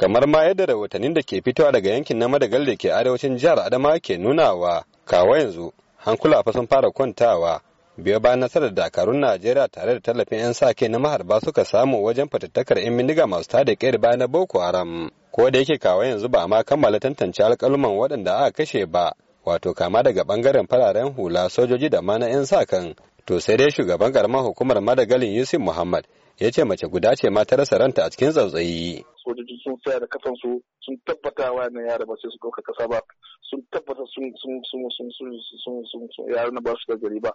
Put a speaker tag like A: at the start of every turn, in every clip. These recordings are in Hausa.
A: kamar ma yadda rahotannin da ke fitowa daga yankin na madagal da ke arewacin jihar adama ke nunawa kawo yanzu hankula fa sun fara kwantawa biyo bayan nasarar dakarun najeriya tare da tallafin 'yan sa na maharba suka samu wajen fatattakar 'yan bindiga masu tada ƙeri bayan na boko haram ko da yake kawo yanzu ba a ma kammala tantance alƙaluman waɗanda aka kashe ba wato kama daga bangaren fararen hula sojoji da ma na 'yan sa-kan to sai dai shugaban karamar hukumar madagalin yusuf muhammad ya ce mace guda ce ma ta rasa ranta a cikin tsautsayi
B: sojoji sun tsaya da kafansu sun tabbata yanayin yara ba sai su ɗauka ƙasa ba sun tabbata sun sun sun sun sun sun sun yara na ba su da gari ba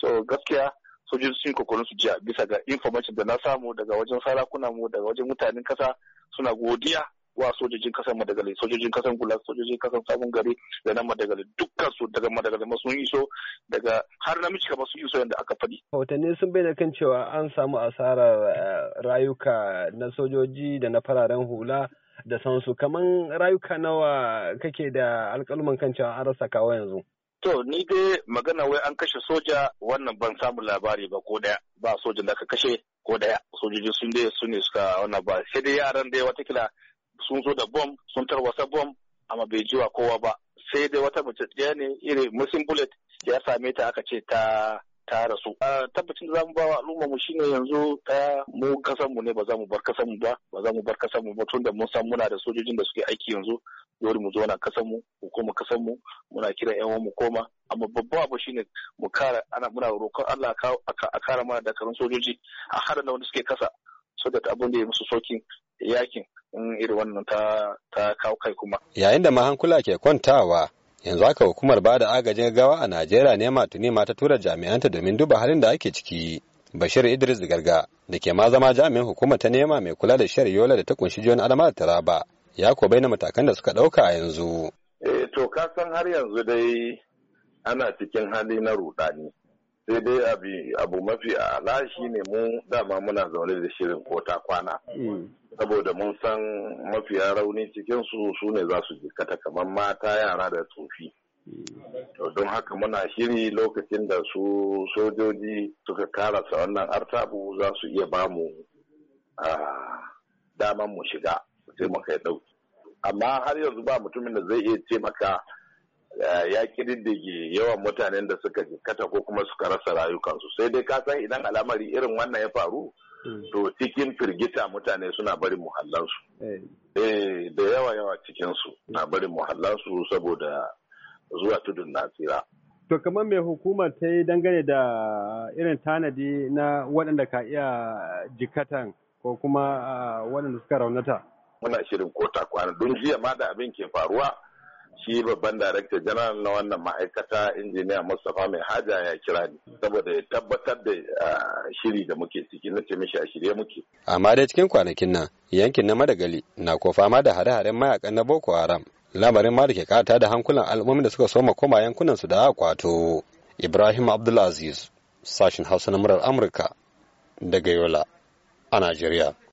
B: so gaskiya sojoji sun yi kokarin su jiya bisa ga information da na samu daga wajen sarakuna mu daga wajen mutanen kasa suna godiya wa sojojin kasar madagali sojojin kasar gula sojojin kasar sabon gari da na madagali dukkan su daga madagali masu sun iso daga har namiji kamar sun iso yadda aka faɗi.
A: rahotanni sun bayyana kan cewa an samu asarar eh, rayuka na sojoji da na fararen hula da sansu kaman rayuka nawa kake da alƙaluman kan cewa an rasa kawo yanzu.
B: To ni dai magana wai an kashe soja wannan ban samu labari ba ko daya ba sojin da aka kashe ko daya sojoji sun dai su ne suka wannan ba sai dai yaran dai watakila sun zo da bom sun tarwasa bom amma bai jiwa kowa ba sai dai wata mace ɗaya ne irin missing bullet ya same ta aka ce ta ta rasu. Tabbacin da zamu bawa al'umma mu shine yanzu ɗaya mu kasan mu ne ba za mu bar kasan mu ba ba za mu bar kasan mu ba tun da mun san muna da sojojin da suke aiki yanzu dole mu zo na kasan mu mu kuma kasan mu muna kira yan mu koma amma babba abu shine mu kara ana muna roƙon Allah a kara mana dakarun sojoji a hada da wanda suke kasa so da abin da ya musu sokin yakin in irin wannan ta ta kai kuma
A: yayin da mahankula ke kwantawa yanzu haka hukumar ba da agajin gawa a Najeriya ne ma tuni ma ta tura jami'anta domin duba halin da ake ciki Bashir Idris Garga da ke ma zama jami'in hukumar ta nema mai kula da shiyar Yola da ta kunshi jiyon Adama da Taraba ya ko na matakan da suka ɗauka a yanzu
C: eh to ka san har yanzu dai ana cikin hali na rudani sai dai abu mafi ala shi ne mu dama muna zaune da shirin kota kwana mm. saboda mun san mafiya rauni cikin su su ne za su jikata kamar mata yara da tsofi don haka muna shiri lokacin da su sojoji suka karasa wannan artabu za su iya bamu daman mu shiga sai mu kai dauki amma har yanzu ba mutumin da zai iya ce maka ya kididdige yawan mutanen da suka jikata ko kuma suka rasa rayukansu sai dai ka san idan al'amari irin wannan ya faru hmm. to cikin sha mutane suna barin muhallansu. Eh. Eh, da yawa yawa cikinsu mm. na barin muhallansu saboda zuwa tudun na tsira.
A: To kamar mai hukumar ta yi dangane da irin tanadi na waɗanda ka iya jikatan ko kuma ah, waɗanda suka raunata.
C: Muna shirin kota kwana don jiya ma da abin ke faruwa shi babban darakta janar na wannan ma'aikata injiniya mustapha mai haja ya kira ni saboda ya tabbatar da
A: shiri da muke ciki na ce mishi a shirye muke amma dai cikin kwanakin nan yankin na madagali na ko fama da hare-haren mayakan na boko haram lamarin ma da ke kata da hankulan al'ummomin da suka soma koma yankunan su da akwato. ibrahim abdulaziz sashin hausa na murar amurka daga yola a najeriya